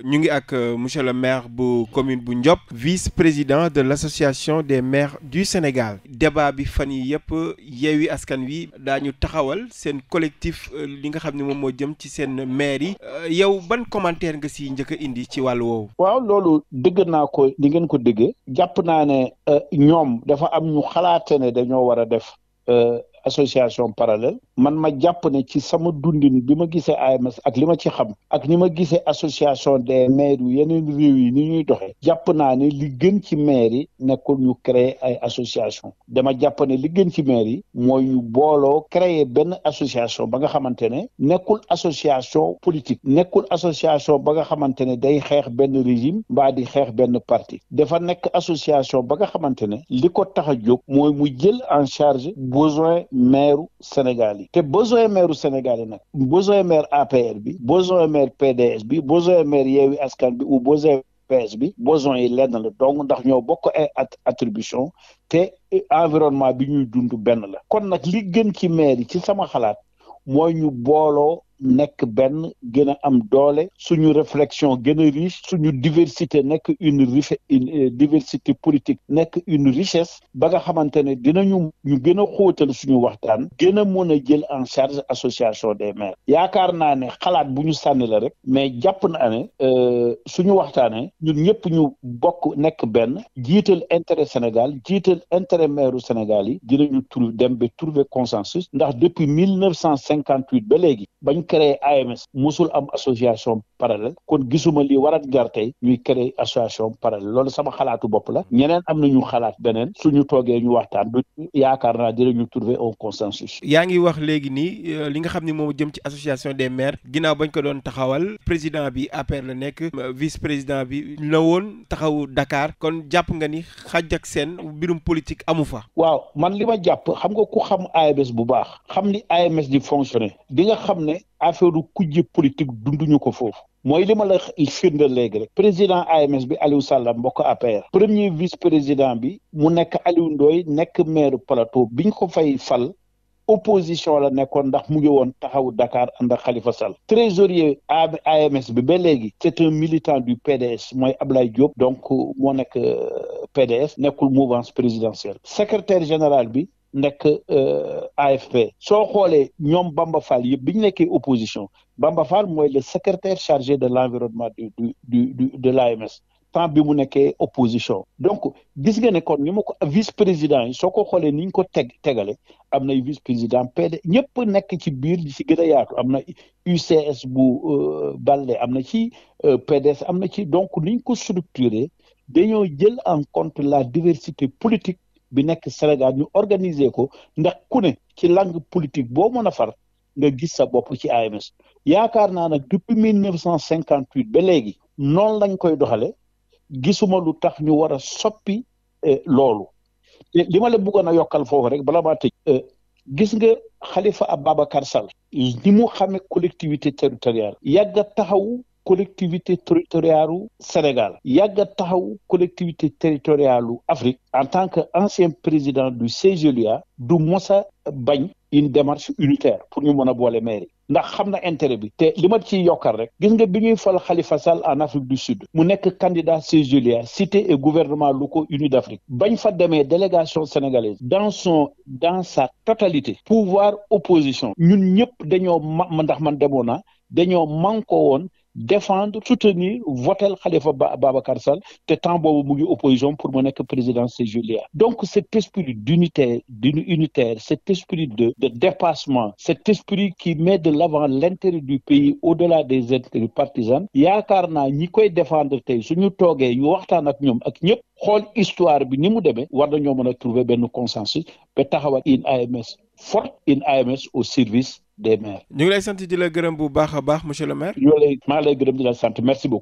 ñu ngi ak euh, monsieur le maire bu commune bu Ndiop vice-président de l'association des maires du Sénégal débat bi fan yi yëpp yeewi askan wi daañu taxawal seen collectif euh, li nga xam ni moom moo jëm ci seen maire yi euh, yow ban commentaire nga si njëkk a indi ci wàllu woowu waaw loolu dëgg naa ko li ngeen ko déggee jàpp naa ne ñoom dafa am ñu xalaate ne dañoo war a def association parallèle man ma jàpp ne ci sama dundin bi ma gisee AMS ak li ma ci xam ak ni ma gisee association des maires yu yeneen réew yi ni ñuy doxee jàpp naa ne li gën ci maire yi nekkul ñu créer ay association dama jàpp ne li gën ci maire yi mooy ñu booloo créer benn association ba nga xamante ne nekkul association politique nekkul association ba nga xamante ne day xeex benn régime mbaa di xeex benn parti dafa nekk association ba nga xamante ne li ko tax a jóg mooy mu jël en charge besoin maire Sénégal yi te besoin meeru Sénégal yi nag besoin maire APR bi besoin maire PDS bi besoin maire Yewwi Askan bi ou besoin PS bi besoin yi lenn la donc ndax ñoo bokk ay attribution te environnement bi ñuy dund benn la kon nag li gën ci maire ci sama xalaat mooy ñu booloo nekk benn gën a am doole suñu réflexion gën a suñu diversité nekk une riche une euh, diversité politique nekk une richesse ba nga xamante ne dinañu ñu gën a xóotal suñu waxtaan gën a mën a jël en charge association des maires yaakaar naa ne xalaat bu ñu sànni la rek mais jàpp naa ne euh, suñu waxtaanee ñun ñëpp ñu bokk nekk benn jiital intérêt Sénégal jiital intérêt maire Sénégal yi dinañu trouver dem ba trouver consensus ndax depuis mille neuf cent cinquante huit ba léegi bañ créé AMS mosul am association parallèle kon gisuma lii war a jar tey ñuy créé association parallèle loolu sama xalaatu bopp la ñeneen am na ñu xalaat beneen suñu toogee ñu waxtaan du yaakaar naa dinañu trouver un consensus. yaa ngi wax léegi nii euh, li nga xam ni moom jëm ci association des maires ginnaaw bañ ko doon taxawal président bi APR la nekk euh, vice président bi na woon taxawu Dakar kon jàpp nga ni xaj ak seen mbirum politique amu fa. waaw man li ma jàpp xam nga ku xam AMS bu baax xam ni AMS di fonctionner di nga xam ne. affaire kujje politique dunduñu ko foofu mooy li ma la léegi rek président AMS bi Aliou Sall mbokk APR premier vice président bi mu nekk Aliou Ndoye nekk maire plateau biñ ko fay fal opposition la nekkoon ndax mu ngi woon taxawu Dakar ànd ak Khalifa Sall trésorier AMS bi ba léegi c'est un militant du PDS mooy Ablaye Diop donc moo nekk euh, PDS nekkul mouvance présidentielle secrétaire général bi nekk euh, AFP soo xoolee ñoom Bamba Fall yëpp bi ñu nekkee oposition Bamba Fall mooy le secrétaire chargé de l'environnement du du du de l'AMS temps bi mu nekkee opposition donc gis nga ne kon ni ma ko vice président soo ko xoolee ni ñu ko teg tegale am na vice président PD ñëpp nekk ci biir di ci gën a yaatu am na UCS bu euh, Balde am na ci euh, PDS am na ci donc ni ñu ko structuré dañoo jël en contre la diversité politique bi nekk Sénégal ñu organiser ko ndax ku ne ci langue politique boo mën a far nga gis sa bopp ci AMS yaakaar naa nag depuis mille cinquante huit ba léegi noonu lañ koy doxale gisuma lu tax ñu war a soppi eh, loolu te li ma la bëggoon a yokkal foofu rek bala maa tëj eh, gis nga Khalifa Ababacar Sall ni mu xamee collectivité territoriale yàgg taxaw collectivité territorialu Sénégal yàgg a taxaw collectivité territorialu Afrique en tant que ancien président du CGLUA du mosa bañ une démarche unitaire pour ñu mën a boole mairie ndax xam na intérêt bi te li ma ciy yokkal rek gis nga bi ñuy fal Khalifa Sall en Afrique du Sud mu nekk candidat CGLUA cité et gouvernement locaux unis d'Afrique bañ fa demee délégation sénégalaise dans son dans sa totalité pouvoir opposition ñun ñëpp dañoo ma ndax man demoon na dañoo manko woon défendre soutenir votel Khalifa Babacar Sall te temps boobu mu ngi opposition pour mu nekk président CGLA donc cet esprit d'unité d'une unitaire cet esprit de de dépassement cet esprit qui met de l'avant l'intérêt du pays au-delà des intérêts partisans yaakaar naa ñi koy défendre tey ñu toogee ñu waxtaan ak ñoom ak ñëpp xool histoire bi ni mu demee war nañoo mën a trouver benn consensus ba taxawal une AMS fort une AMS au service des maires. ñu ngi lay sant di la gërëm bu baax a baax monsieur le maire. yoo lay maa lay gërëm di la sant merci beaucoup.